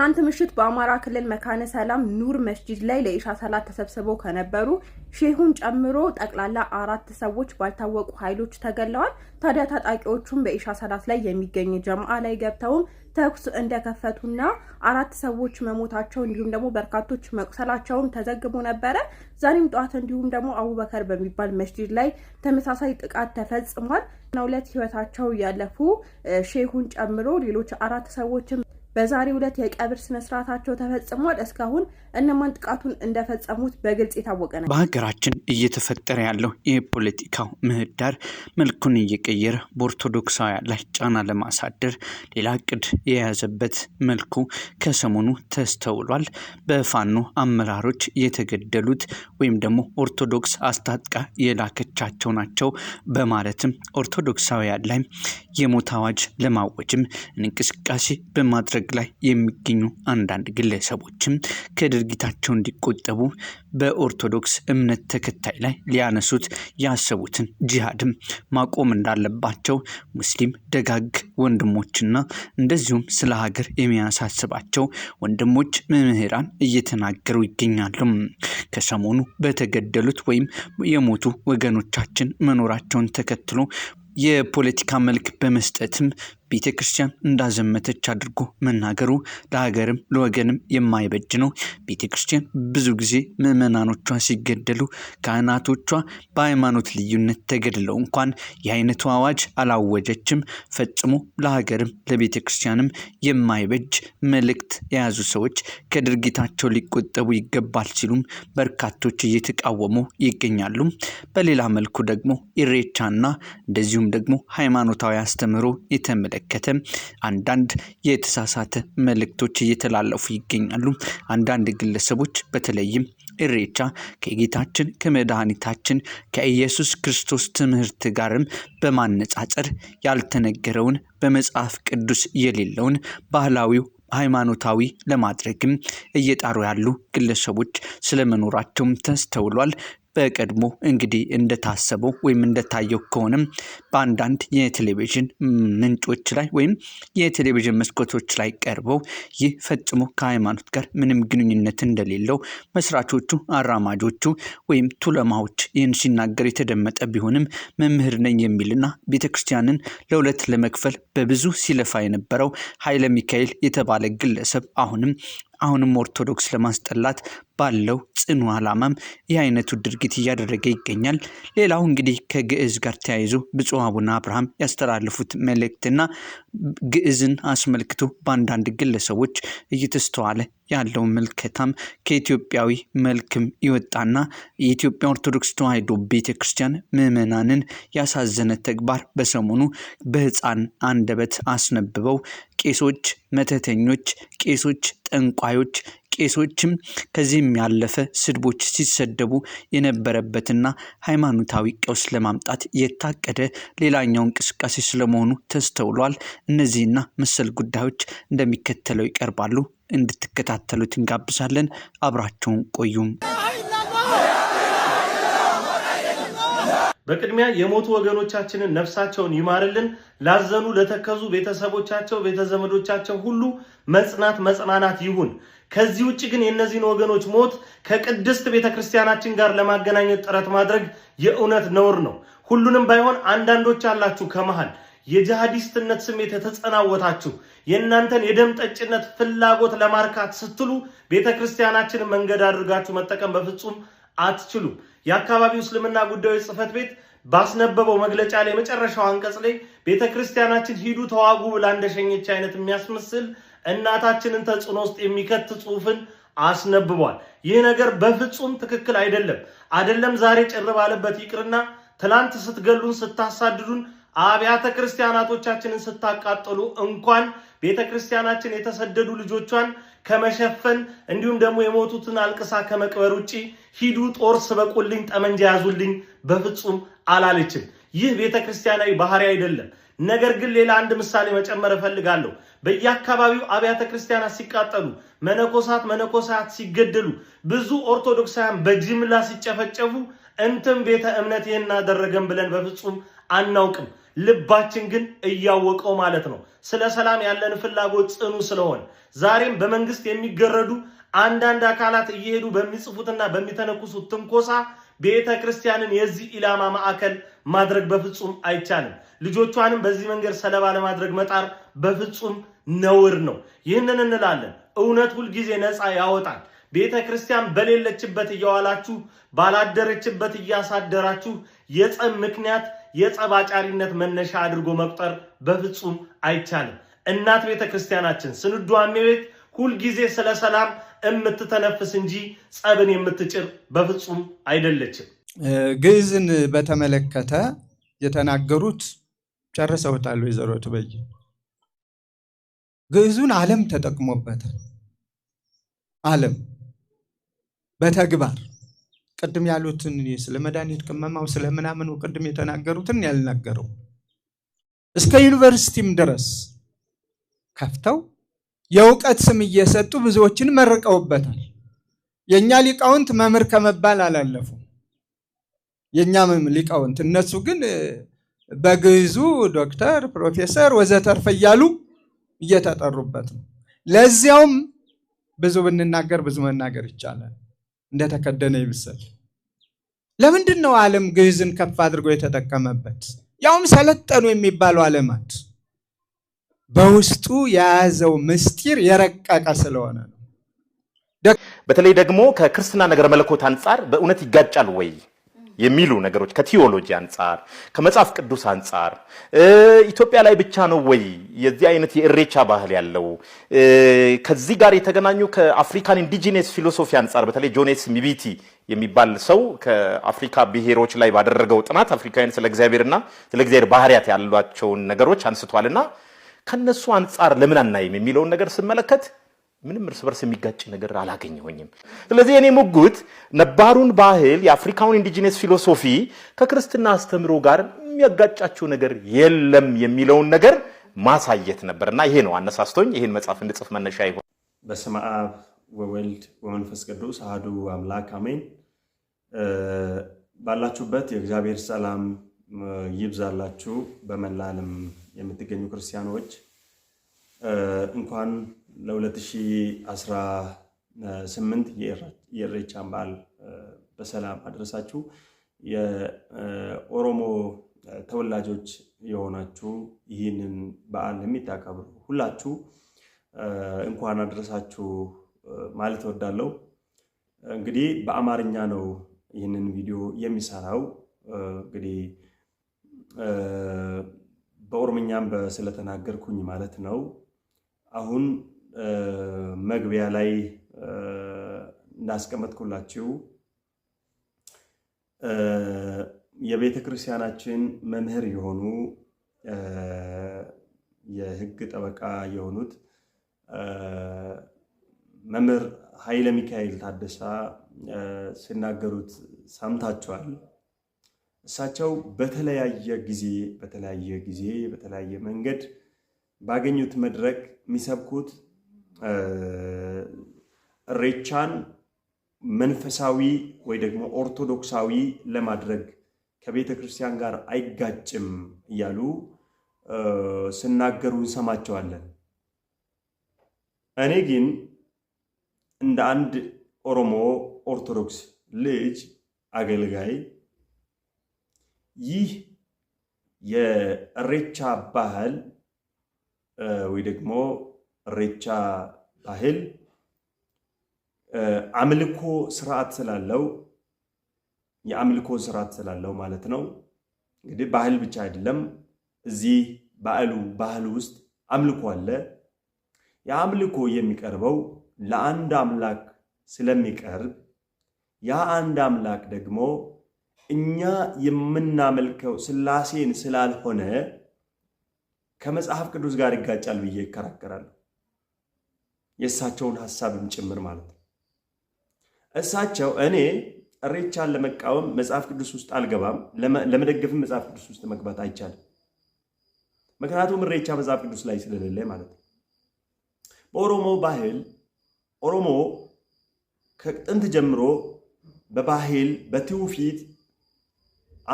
ትናንት ምሽት በአማራ ክልል መካነ ሰላም ኑር መስጂድ ላይ ለኢሻ ሰላት ተሰብስበው ከነበሩ ሼሁን ጨምሮ ጠቅላላ አራት ሰዎች ባልታወቁ ኃይሎች ተገለዋል። ታዲያ ታጣቂዎቹም በኢሻ ሰላት ላይ የሚገኝ ጀምአ ላይ ገብተውም ተኩስ እንደከፈቱና አራት ሰዎች መሞታቸው እንዲሁም ደግሞ በርካቶች መቁሰላቸውም ተዘግቦ ነበረ። ዛሬም ጠዋት እንዲሁም ደግሞ አቡበከር በሚባል መስጂድ ላይ ተመሳሳይ ጥቃት ተፈጽሟል። ናሁለት ህይወታቸው ያለፉ ሼሁን ጨምሮ ሌሎች አራት ሰዎችም በዛሬ ዕለት የቀብር ስነ ስርዓታቸው ተፈጽሟል። እስካሁን እነማን ጥቃቱን እንደፈጸሙት በግልጽ የታወቀ ነው። በሀገራችን እየተፈጠረ ያለው የፖለቲካው ምህዳር መልኩን እየቀየረ በኦርቶዶክሳውያን ላይ ጫና ለማሳደር ሌላ እቅድ የያዘበት መልኩ ከሰሞኑ ተስተውሏል። በፋኖ አመራሮች የተገደሉት ወይም ደግሞ ኦርቶዶክስ አስታጥቃ የላከቻቸው ናቸው በማለትም ኦርቶዶክሳውያን ላይ የሞት አዋጅ ለማወጅም እንቅስቃሴ በማድረግ በማድረግ ላይ የሚገኙ አንዳንድ ግለሰቦችም ከድርጊታቸው እንዲቆጠቡ በኦርቶዶክስ እምነት ተከታይ ላይ ሊያነሱት ያሰቡትን ጂሃድም ማቆም እንዳለባቸው ሙስሊም ደጋግ ወንድሞችና እንደዚሁም ስለ ሀገር የሚያሳስባቸው ወንድሞች መምህራን እየተናገሩ ይገኛሉ። ከሰሞኑ በተገደሉት ወይም የሞቱ ወገኖቻችን መኖራቸውን ተከትሎ የፖለቲካ መልክ በመስጠትም ቤተ ክርስቲያን እንዳዘመተች አድርጎ መናገሩ ለሀገርም ለወገንም የማይበጅ ነው። ቤተ ክርስቲያን ብዙ ጊዜ ምዕመናኖቿ ሲገደሉ፣ ካህናቶቿ በሃይማኖት ልዩነት ተገድለው እንኳን የአይነቱ አዋጅ አላወጀችም። ፈጽሞ ለሀገርም ለቤተ ክርስቲያንም የማይበጅ መልእክት የያዙ ሰዎች ከድርጊታቸው ሊቆጠቡ ይገባል ሲሉም በርካቶች እየተቃወሙ ይገኛሉ። በሌላ መልኩ ደግሞ ኢሬቻና እንደዚሁም ደግሞ ሃይማኖታዊ አስተምህሮ የተመለ በተመለከተ አንዳንድ የተሳሳተ መልእክቶች እየተላለፉ ይገኛሉ። አንዳንድ ግለሰቦች በተለይም እሬቻ ከጌታችን ከመድኃኒታችን ከኢየሱስ ክርስቶስ ትምህርት ጋርም በማነጻጸር ያልተነገረውን በመጽሐፍ ቅዱስ የሌለውን ባህላዊው ሃይማኖታዊ ለማድረግም እየጣሩ ያሉ ግለሰቦች ስለመኖራቸውም ተስተውሏል። በቀድሞ እንግዲህ እንደታሰበው ወይም እንደታየው ከሆነም በአንዳንድ የቴሌቪዥን ምንጮች ላይ ወይም የቴሌቪዥን መስኮቶች ላይ ቀርበው ይህ ፈጽሞ ከሃይማኖት ጋር ምንም ግንኙነት እንደሌለው መስራቾቹ፣ አራማጆቹ ወይም ቱለማዎች ይህን ሲናገር የተደመጠ ቢሆንም መምህር ነኝ የሚልና ቤተ ክርስቲያንን ለሁለት ለመክፈል በብዙ ሲለፋ የነበረው ኃይለ ሚካኤል የተባለ ግለሰብ አሁንም አሁንም ኦርቶዶክስ ለማስጠላት ባለው ጽኑ ዓላማም ይህ አይነቱ ድርጊት እያደረገ ይገኛል። ሌላው እንግዲህ ከግዕዝ ጋር ተያይዞ ብፁዕ አቡነ አብርሃም ያስተላለፉት መልእክትና ግዕዝን አስመልክቶ በአንዳንድ ግለሰቦች እየተስተዋለ ያለው ምልከታም ከኢትዮጵያዊ መልክም ይወጣና የኢትዮጵያ ኦርቶዶክስ ተዋሕዶ ቤተ ክርስቲያን ምዕመናንን ያሳዘነ ተግባር በሰሞኑ በሕፃን አንደበት አስነብበው ቄሶች መተተኞች፣ ቄሶች ጠንቋዮች፣ ቄሶችም ከዚህም ያለፈ ስድቦች ሲሰደቡ የነበረበትና ሃይማኖታዊ ቀውስ ለማምጣት የታቀደ ሌላኛው እንቅስቃሴ ስለመሆኑ ተስተውሏል። እነዚህና መሰል ጉዳዮች እንደሚከተለው ይቀርባሉ። እንድትከታተሉት እንጋብዛለን። አብራቸውን ቆዩም። በቅድሚያ የሞቱ ወገኖቻችንን ነፍሳቸውን ይማርልን። ላዘኑ፣ ለተከዙ ቤተሰቦቻቸው፣ ቤተዘመዶቻቸው ሁሉ መጽናት መጽናናት ይሁን። ከዚህ ውጭ ግን የእነዚህን ወገኖች ሞት ከቅድስት ቤተ ክርስቲያናችን ጋር ለማገናኘት ጥረት ማድረግ የእውነት ነውር ነው። ሁሉንም ባይሆን አንዳንዶች አላችሁ ከመሃል የጂሃዲስትነት ስሜት የተጸናወታችሁ የእናንተን የደም ጠጭነት ፍላጎት ለማርካት ስትሉ ቤተ ክርስቲያናችንን መንገድ አድርጋችሁ መጠቀም በፍጹም አትችሉም። የአካባቢው እስልምና ጉዳዮች ጽህፈት ቤት ባስነበበው መግለጫ ላይ መጨረሻው አንቀጽ ላይ ቤተ ክርስቲያናችን ሂዱ ተዋጉ ብላ እንደሸኘች አይነት የሚያስመስል እናታችንን ተጽዕኖ ውስጥ የሚከት ጽሁፍን አስነብቧል። ይህ ነገር በፍጹም ትክክል አይደለም። አይደለም ዛሬ ጭር ባለበት ይቅርና ትናንት ስትገሉን፣ ስታሳድዱን፣ አብያተ ክርስቲያናቶቻችንን ስታቃጥሉ እንኳን ቤተ ክርስቲያናችን የተሰደዱ ልጆቿን ከመሸፈን እንዲሁም ደግሞ የሞቱትን አልቅሳ ከመቅበር ውጪ ሂዱ ጦር ስበቁልኝ፣ ጠመንጃ ያዙልኝ በፍጹም አላለችም። ይህ ቤተ ክርስቲያናዊ ባህሪ አይደለም። ነገር ግን ሌላ አንድ ምሳሌ መጨመር እፈልጋለሁ። በየአካባቢው አብያተ ክርስቲያናት ሲቃጠሉ፣ መነኮሳት መነኮሳት ሲገደሉ፣ ብዙ ኦርቶዶክሳውያን በጅምላ ሲጨፈጨፉ፣ እንትም ቤተ እምነት ይህን አደረገን ብለን በፍጹም አናውቅም። ልባችን ግን እያወቀው ማለት ነው። ስለ ሰላም ያለን ፍላጎት ጽኑ ስለሆነ ዛሬም በመንግስት የሚገረዱ አንዳንድ አካላት እየሄዱ በሚጽፉትና በሚተነኩሱት ትንኮሳ ቤተ ክርስቲያንን የዚህ ኢላማ ማዕከል ማድረግ በፍጹም አይቻልም። ልጆቿንም በዚህ መንገድ ሰለባ ለማድረግ መጣር በፍጹም ነውር ነው። ይህንን እንላለን። እውነት ሁልጊዜ ነፃ ያወጣል። ቤተ ክርስቲያን በሌለችበት እያዋላችሁ ባላደረችበት እያሳደራችሁ የጸብ ምክንያት የጸባጫሪነት መነሻ አድርጎ መቁጠር በፍጹም አይቻልም። እናት ቤተ ክርስቲያናችን ስንዷ እመቤት ሁልጊዜ ስለ ሰላም የምትተነፍስ እንጂ ጸብን የምትጭር በፍጹም አይደለችም። ግዕዝን በተመለከተ የተናገሩት ጨርሰውታል ወይዘሮ ቱበይ። ግዕዙን ዓለም ተጠቅሞበታል። ዓለም በተግባር ቅድም ያሉትን ስለ መድኃኒት ቅመማው ስለ ምናምኑ ቅድም የተናገሩትን ያልናገረው እስከ ዩኒቨርሲቲም ድረስ ከፍተው የእውቀት ስም እየሰጡ ብዙዎችን መርቀውበታል። የእኛ ሊቃውንት መምህር ከመባል አላለፉም። የእኛ ሊቃውንት እነሱ ግን በግዕዙ ዶክተር፣ ፕሮፌሰር ወዘተርፈ እያሉ እየተጠሩበት ነው። ለዚያውም ብዙ ብንናገር ብዙ መናገር ይቻላል። እንደተከደነ ይምሰል። ለምንድን ነው ዓለም ግዕዝን ከፍ አድርጎ የተጠቀመበት? ያውም ሰለጠኑ የሚባሉ ዓለማት በውስጡ የያዘው ምስጢር የረቀቀ ስለሆነ ነው። በተለይ ደግሞ ከክርስትና ነገር መለኮት አንጻር በእውነት ይጋጫል ወይ? የሚሉ ነገሮች ከቲዮሎጂ አንጻር ከመጽሐፍ ቅዱስ አንጻር ኢትዮጵያ ላይ ብቻ ነው ወይ የዚህ አይነት የእሬቻ ባህል ያለው? ከዚህ ጋር የተገናኙ ከአፍሪካን ኢንዲጂነስ ፊሎሶፊ አንጻር በተለይ ጆኔስ ሚቢቲ የሚባል ሰው ከአፍሪካ ብሔሮች ላይ ባደረገው ጥናት አፍሪካውያን ስለ እግዚአብሔርና ስለ እግዚአብሔር ባህሪያት ያሏቸውን ነገሮች አንስቷልና ከነሱ አንጻር ለምን አናይም የሚለውን ነገር ስመለከት ምንም እርስ በርስ የሚጋጭ ነገር አላገኘሁኝም። ስለዚህ እኔ ሙግት ነባሩን ባህል የአፍሪካውን ኢንዲጂነስ ፊሎሶፊ ከክርስትና አስተምሮ ጋር የሚያጋጫቸው ነገር የለም የሚለውን ነገር ማሳየት ነበር እና ይሄ ነው አነሳስቶኝ ይሄን መጽሐፍ እንድጽፍ መነሻ ይሆን። በስመ አብ ወወልድ ወመንፈስ ቅዱስ አህዱ አምላክ አሜን። ባላችሁበት የእግዚአብሔር ሰላም ይብዛላችሁ። በመላለም የምትገኙ ክርስቲያኖች እንኳን ለ2018 የኢሬቻን በዓል በሰላም አድረሳችሁ። የኦሮሞ ተወላጆች የሆናችሁ ይህንን በዓል የሚታከብሩ ሁላችሁ እንኳን አድረሳችሁ ማለት እወዳለሁ። እንግዲህ በአማርኛ ነው ይህንን ቪዲዮ የሚሰራው። እንግዲህ በኦሮምኛም ስለተናገርኩኝ ማለት ነው። አሁን መግቢያ ላይ እንዳስቀመጥኩላችሁ የቤተ ክርስቲያናችን መምህር የሆኑ የሕግ ጠበቃ የሆኑት መምህር ኃይለ ሚካኤል ታደሳ ሲናገሩት ሰምታችኋል። እሳቸው በተለያየ ጊዜ በተለያየ ጊዜ በተለያየ መንገድ ባገኙት መድረክ የሚሰብኩት እሬቻን መንፈሳዊ ወይ ደግሞ ኦርቶዶክሳዊ ለማድረግ ከቤተ ክርስቲያን ጋር አይጋጭም እያሉ ስናገሩ እንሰማቸዋለን። እኔ ግን እንደ አንድ ኦሮሞ ኦርቶዶክስ ልጅ አገልጋይ ይህ የእሬቻ ባህል ወይ ደግሞ እሬቻ ባህል አምልኮ ስርዓት ስላለው የአምልኮ ስርዓት ስላለው ማለት ነው። እንግዲህ ባህል ብቻ አይደለም። እዚህ በዓሉ ባህል ውስጥ አምልኮ አለ። የአምልኮ የሚቀርበው ለአንድ አምላክ ስለሚቀርብ ያ አንድ አምላክ ደግሞ እኛ የምናመልከው ስላሴን ስላልሆነ ከመጽሐፍ ቅዱስ ጋር ይጋጫል ብዬ ይከራከራሉ። የእሳቸውን ሀሳብም ጭምር ማለት ነው። እሳቸው እኔ እሬቻን ለመቃወም መጽሐፍ ቅዱስ ውስጥ አልገባም፣ ለመደገፍም መጽሐፍ ቅዱስ ውስጥ መግባት አይቻልም። ምክንያቱም እሬቻ መጽሐፍ ቅዱስ ላይ ስለሌለ ማለት ነው። በኦሮሞ ባህል ኦሮሞ ከጥንት ጀምሮ በባህል በትውፊት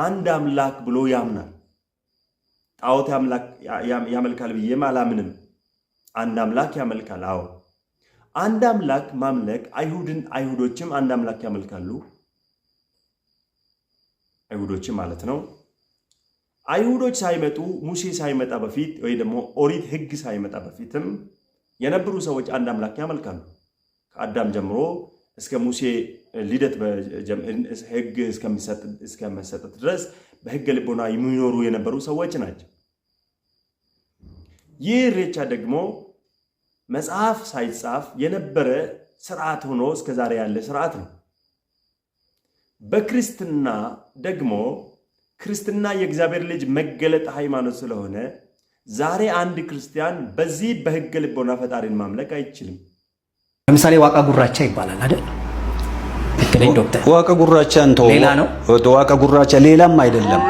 አንድ አምላክ ብሎ ያምናል። ጣዖት ያመልካል ብዬም አላምንም። አንድ አምላክ ያመልካል። አዎ አንድ አምላክ ማምለክ አይሁድን አይሁዶችም አንድ አምላክ ያመልካሉ። አይሁዶችም ማለት ነው። አይሁዶች ሳይመጡ ሙሴ ሳይመጣ በፊት ወይ ደግሞ ኦሪት ሕግ ሳይመጣ በፊትም የነበሩ ሰዎች አንድ አምላክ ያመልካሉ። ከአዳም ጀምሮ እስከ ሙሴ ልደት ሕግ እስከመሰጠት ድረስ በህገ ልቦና የሚኖሩ የነበሩ ሰዎች ናቸው። ይህ ኢሬቻ ደግሞ መጽሐፍ ሳይጻፍ የነበረ ስርዓት ሆኖ እስከዛሬ ያለ ስርዓት ነው። በክርስትና ደግሞ ክርስትና የእግዚአብሔር ልጅ መገለጥ ሃይማኖት ስለሆነ ዛሬ አንድ ክርስቲያን በዚህ በህገ ልቦና ፈጣሪን ማምለክ አይችልም። ለምሳሌ ዋቃ ጉራቻ ይባላል አይደል? ትክክለኝ ዶክተር ዋቀ ጉራቻ እንተው ሌላ ነው። ዋቀ ጉራቻ ሌላም አይደለም።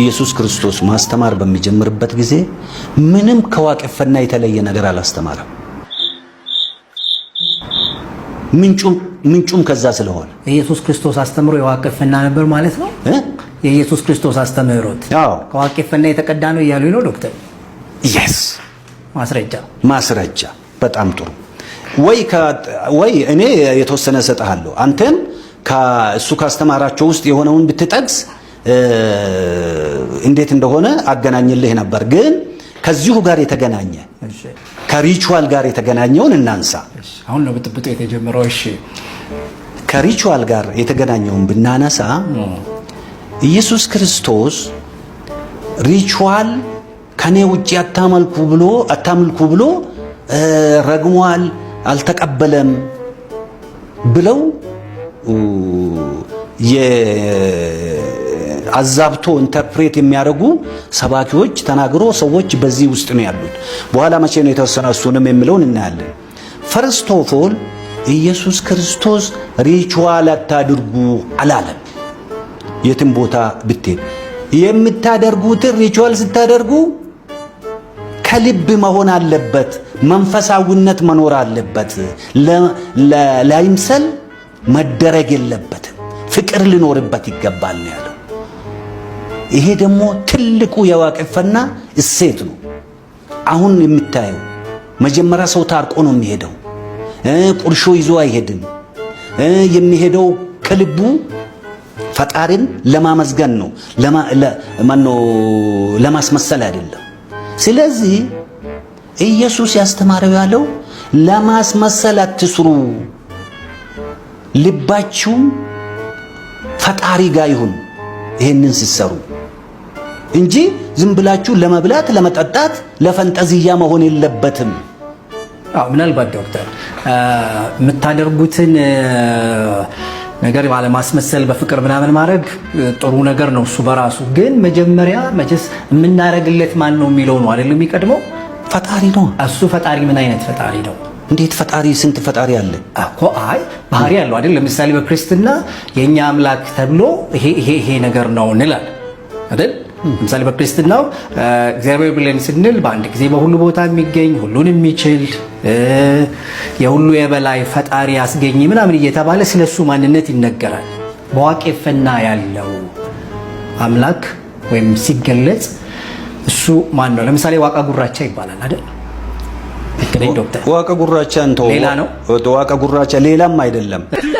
ኢየሱስ ክርስቶስ ማስተማር በሚጀምርበት ጊዜ ምንም ከዋቄፈና የተለየ ነገር አላስተማረም። ምንጩም ከዛ ስለሆነ ኢየሱስ ክርስቶስ አስተምሮ የዋቄፈና ነበር ማለት ነው። የኢየሱስ ክርስቶስ አስተምህሮት ከዋቄፈና የተቀዳ ነው እያሉ ነው ዶክተር። ማስረጃ ማስረጃ። በጣም ጥሩ። ወይ ወይ እኔ የተወሰነ እሰጥሃለሁ አንተም እሱ ካስተማራቸው ውስጥ የሆነውን ብትጠቅስ እንዴት እንደሆነ አገናኝልህ ነበር። ግን ከዚሁ ጋር የተገናኘ ከሪቹዋል ጋር የተገናኘውን እናንሳ። አሁን ነው ብጥብጡ የተጀመረው። እሺ፣ ከሪቹዋል ጋር የተገናኘውን ብናነሳ ኢየሱስ ክርስቶስ ሪቹዋል ከኔ ውጪ አታመልኩ ብሎ አታምልኩ ብሎ ረግሟል፣ አልተቀበለም ብለው አዛብቶ ኢንተርፕሬት የሚያደርጉ ሰባኪዎች ተናግሮ ሰዎች በዚህ ውስጥ ነው ያሉት። በኋላ መቼ ነው የተወሰነ እሱንም የሚለውን እናያለን። ፈርስት ኦፍ ኦል ኢየሱስ ክርስቶስ ሪቹዋል አታድርጉ አላለም። የትም ቦታ ብትሄድ የምታደርጉትን ሪቹዋል ስታደርጉ ከልብ መሆን አለበት። መንፈሳዊነት መኖር አለበት። ላይምሰል መደረግ የለበትም። ፍቅር ሊኖርበት ይገባል ነው ያለው። ይሄ ደግሞ ትልቁ የዋቅፈና እሴት ነው። አሁን የምታየው መጀመሪያ ሰው ታርቆ ነው የሚሄደው። ቁርሾ ይዞ አይሄድም። የሚሄደው ከልቡ ፈጣሪን ለማመስገን ነው፣ ለማስመሰል አይደለም። ስለዚህ ኢየሱስ ያስተማረው ያለው ለማስመሰል አትስሩ፣ ልባችሁ ፈጣሪ ጋር ይሁን ይሄንን ሲሰሩ እንጂ ዝም ብላችሁ ለመብላት፣ ለመጠጣት፣ ለፈንጠዝያ መሆን የለበትም። ምናልባት ዶክተር የምታደርጉትን ነገር ባለማስመሰል በፍቅር ምናምን ማድረግ ጥሩ ነገር ነው። እሱ በራሱ ግን መጀመሪያ መቼስ የምናደርግለት ማን ነው የሚለው ነው አይደለም የሚቀድመው ፈጣሪ ነው። እሱ ፈጣሪ ምን አይነት ፈጣሪ ነው? እንዴት ፈጣሪ ስንት ፈጣሪ አለ እኮ። አይ ባህሪ ያለው አይደል? ለምሳሌ በክርስትና የእኛ አምላክ ተብሎ ይሄ ይሄ ነገር ነው እንላል አይደል? ለምሳሌ በክርስትናው እግዚአብሔር ብለን ስንል በአንድ ጊዜ በሁሉ ቦታ የሚገኝ ሁሉን የሚችል የሁሉ የበላይ ፈጣሪ ያስገኝ ምናምን እየተባለ ስለሱ ማንነት ይነገራል። በዋቄፈና ያለው አምላክ ወይም ሲገለጽ እሱ ማን ነው? ለምሳሌ ዋቃ ጉራቻ ይባላል አይደል? ዋቃ ጉራቻ እንተው፣ ሌላ ነው ዋቃ ጉራቻ፣ ሌላም አይደለም።